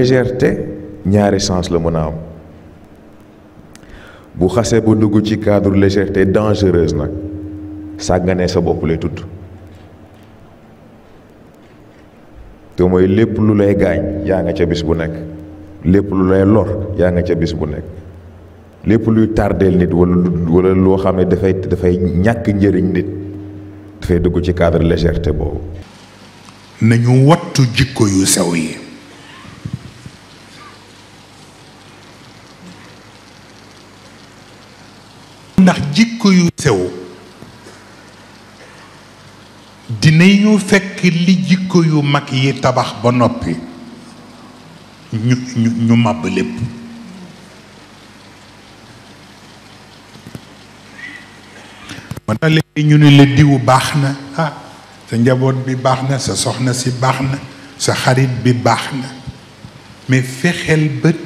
légèreté ñaari sens la mën a am bu xasee ba dugg ci cadre légèreté dangereuse nag sàggane sa bopp lay tudd te mooy lépp lu lay gaañ yaa nga ca bis bu nekk lépp lu lay yaa nga ca bis bu nekk lépp luy tardeel nit wala wala loo xam ne dafay dafay ñàkk njëriñ nit dafay dugg ci cadre légèreté boobu. nañu wattu jikko yu sew yi. jikko yu sew dina dinañu fekk li jikko yu mag yi tabax ba noppi ñu ñu ñu màbb lépp moo tax léegi ñu ne la diw baax na ah, sa njaboot bi baax na sa soxna si baax na sa xarit bi baax na mais fexeel bët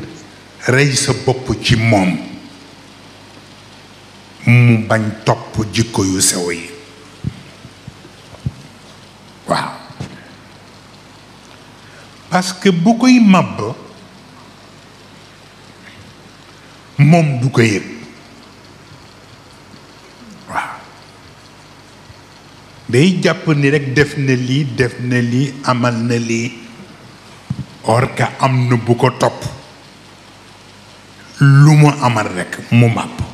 rey sa bopp ci moom mu bañ topp jikko yu sew yi waaw parce bu koy màbb moom du ko yëg waaw day jàpp ni rekk def na lii def na lii amal na lii or que am na bu ko topp lu mu amal rekk mu màbb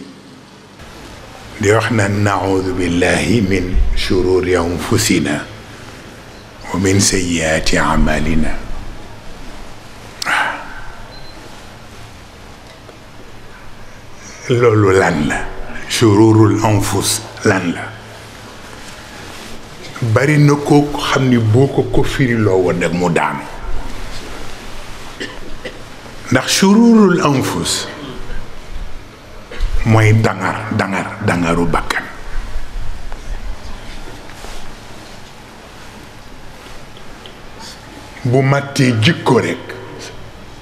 لإحنا نعوذ بالله من شرور أنفسنا ومن سيئات أعمالنا لولو لنلا شرور الأنفس لنلا bari na ko xamni boko ko firi lo won ak mu daan moy dangar dangar dangaru bakkan bu matti jikko rek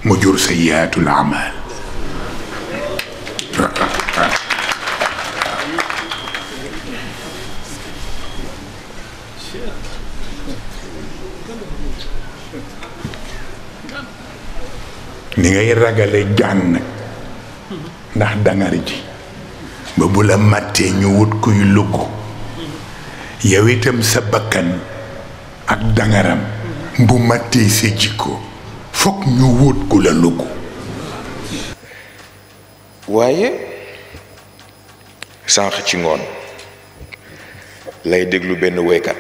mu jur sayyatul amal ni ngay ragale jàng ndax dangar ji ba bu la màttee ñu wut kuy lugg yow itam sa bakkan ak dangaram bu màttee sa jikko fokk ñu wut ku la lugg waaye sànq ci ngoon lay déglu benn woykat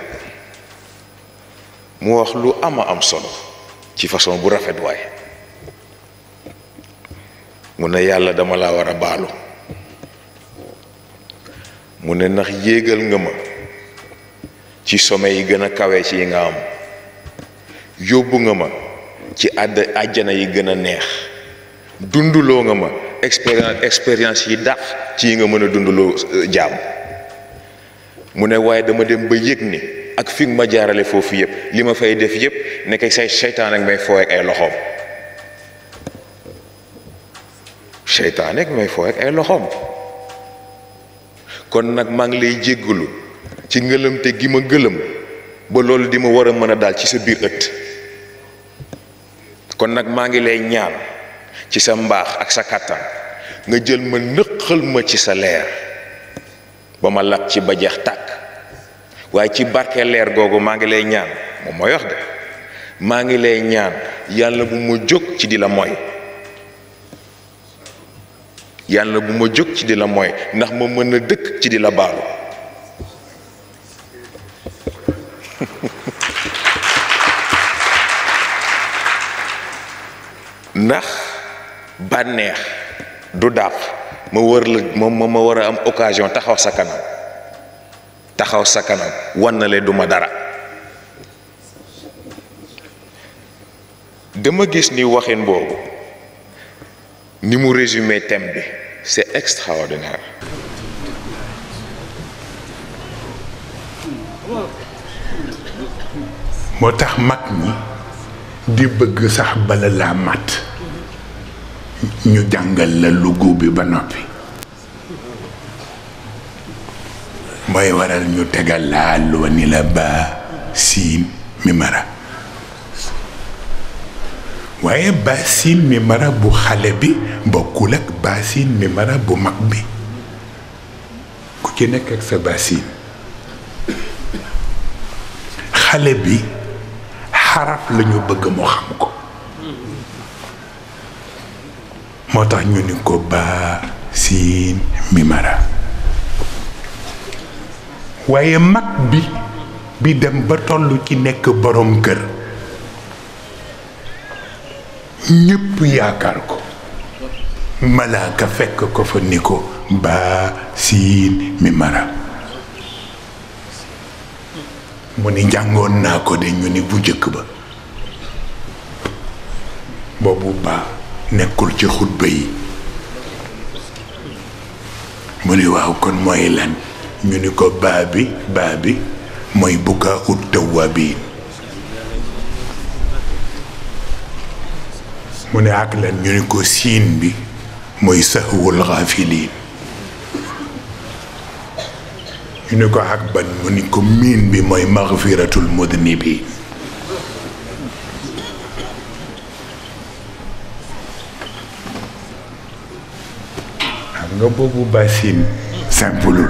mu wax lu ama am solo ci façon bu rafet waaye mu ne yàlla dama la war a baalu mu ne ndax yéegal nga ma ci sommet yi gën a kawe ci yi nga am yóbbu nga ma ci àdd àjjana yi gën a neex dunduloo nga ma expérience expérience yi dàq ci yi nga mën a dunduloo euh, jàmm mu ne waaye dama dem ba yëg ni ak fi nga ma jaarale foofu yëpp li ma fay def yëpp nekk say seytaan ak may foo ak ay loxoom seytaan may fooy ak ay loxoom kon nak mang Je lay jéggalu ci ngëlëmte gi ma gëlëm ba lolou di ma war a mën ci sa biir ëtt kon nak maa ngi lay ñaan ci sa mbax ak sa kàttan nga jël ma neexal ma ci sa leer ba ma ci ba jeex tak way ci barke leer gogo lay ñaan mo moy wax de mang ngi lay ñaan yalla bu mu jóg ci dila la yàlla bu ma jóg ci di la mooy ndax ma mën a dëkk ci di la baalu ndax bànneex du dàq ma wër la ma ma war a am occasion taxaw sa kanam taxaw sa kanam wannale duma dara dama gis ni waxin boobu ni mu résumé thème bi C'est extraordinaire. moo tax mag ñi di bëgg sax bala laa mat ñu jàngal la lugu bi ba noppi mooy waral ñu tegal laa loo la ba siin mi waaye baasin mi bu xale bi bokkul ak baasin mi bu mag bi ku ci nekk ak sa baasin xale bi xarab lañu bëgg mu xam ko moo tax ñu ni ko baasin mi waaye mag bi bi dem ba tollu ci nekk borom kër ñépp yaakaar ko malaaka fekk ko fa ni ko baa siin mi mara mu ni jàngoon naa ko de ñu ni bu jëkk ba boobu baa nekkul ci xutba yi mu ni waaw kon mooy lan ñu ni ko baa bi baa bi mooy bukkaa ut tawwaabiin من عقلا ينكسين بي ميسهو الغافلين ينكو عقبا منكمين بي مي مغفرة المذنبين nga bobu bassine simple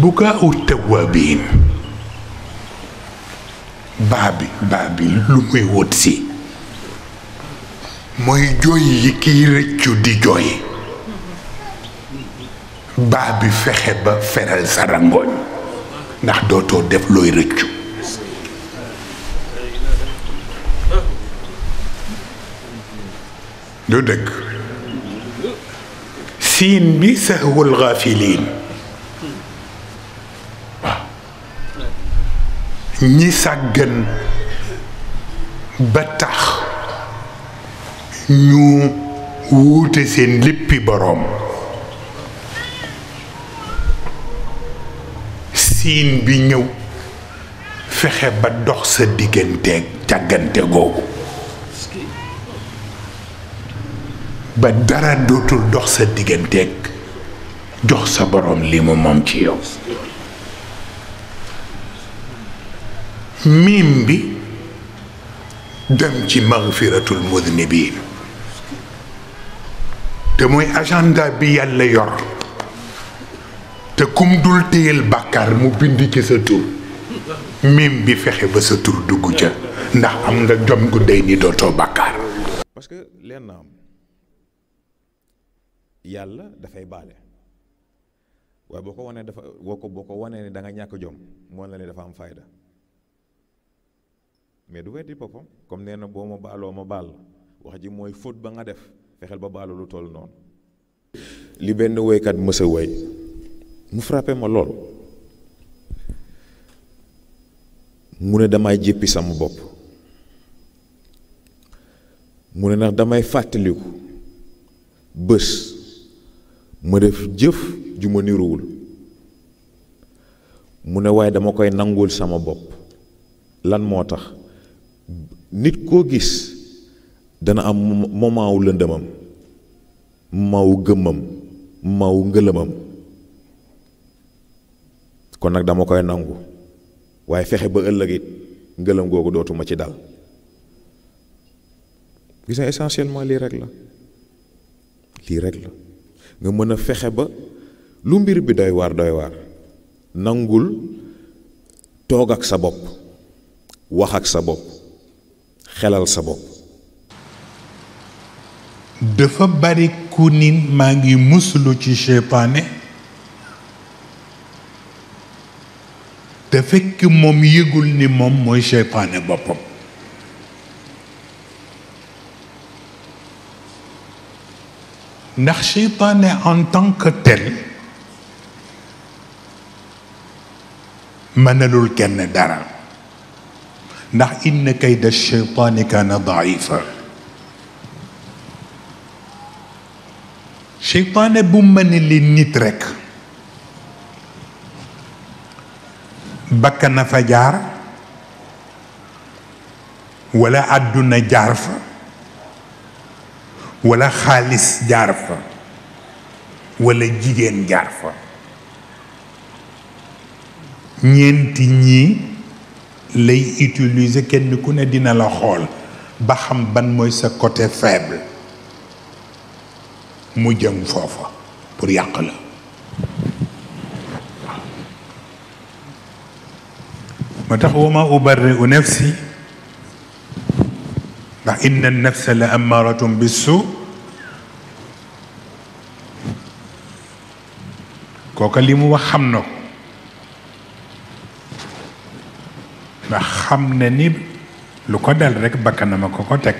bu ka ou tawabin baa bi baa bi lu muy wut si mooy jooy yi kiy rëccu di jooy baa bi fexe ba feral sa rangooñ ndax dootoo def looy rëccu du dëkk siin bi sahwul gaafiliin ñi sàggan ba tax ñu wuute seen léppi boroom siin bi ñëw fexe ba dox sa digganteeg càggante googu ba dara dootul dox sa digganteeg jox sa boroom li mu moom ci yow miim bi dem ci magfiratul mudnibin te mooy agenda bi yàlla yor te kum dul téyel bàkkaar mu bind ci sa tur miim bi fexe ba sa tur dugg ca ndax am nga jom gu day ni dootoo bàkkaar parce que leen na am yàlla dafay baale waaye boo ko wanee dafa boo ko boo ko wanee ni da ñàkk jom moo la ni dafa am fayda mais du weddi boppam comme nee na boo ma baaloo ma baal wax ji mooy fóot ba nga def fexeel ba baalu lu toll noonu. li benn woykat mës woy mu frappé ma lool mu ne damay sama bopp mu ne ndax damay fàttaliku bés ma def jëf ju ma niruwul mu ne waaye dama koy nanguwul sama bopp lan moo tax. nit ko gis dana am moment wu lendemam maw gemam maw ngelamam. Konak kon nak dama koy nangu waye fexé ba ëllëgit it ngëlëm dotuma ci dal gis na essentiellement lii rek la lii rek la nga mën a fexe ba lu mbir bi doy waar doy waar nangul toog ak sa bopp wax ak sa bopp خلال سبب دفع بری کنین مانگی مسلو چی شیپانه دفع که مم یگل نی مم موی شیپانه باپم نخ شیپانه انتان تان که تل منلول کنه دارم مع ان كيد الشيطان كان ضعيفا شيطان بمن اللي نترك بكنا فجار ولا عدنا جارف ولا خالص جارف ولا جيجين جارفة نين تيني lay utiliser kenn ku ne dina la xol ba xam ban moy sa côté faible mu jëm fofa pour yàq la moo tax wa ma nafsi ba inna an nafsa la amaratun bis-su li mu wax xam na xam ne ni lu ko dal rek bakkanam ko ko teg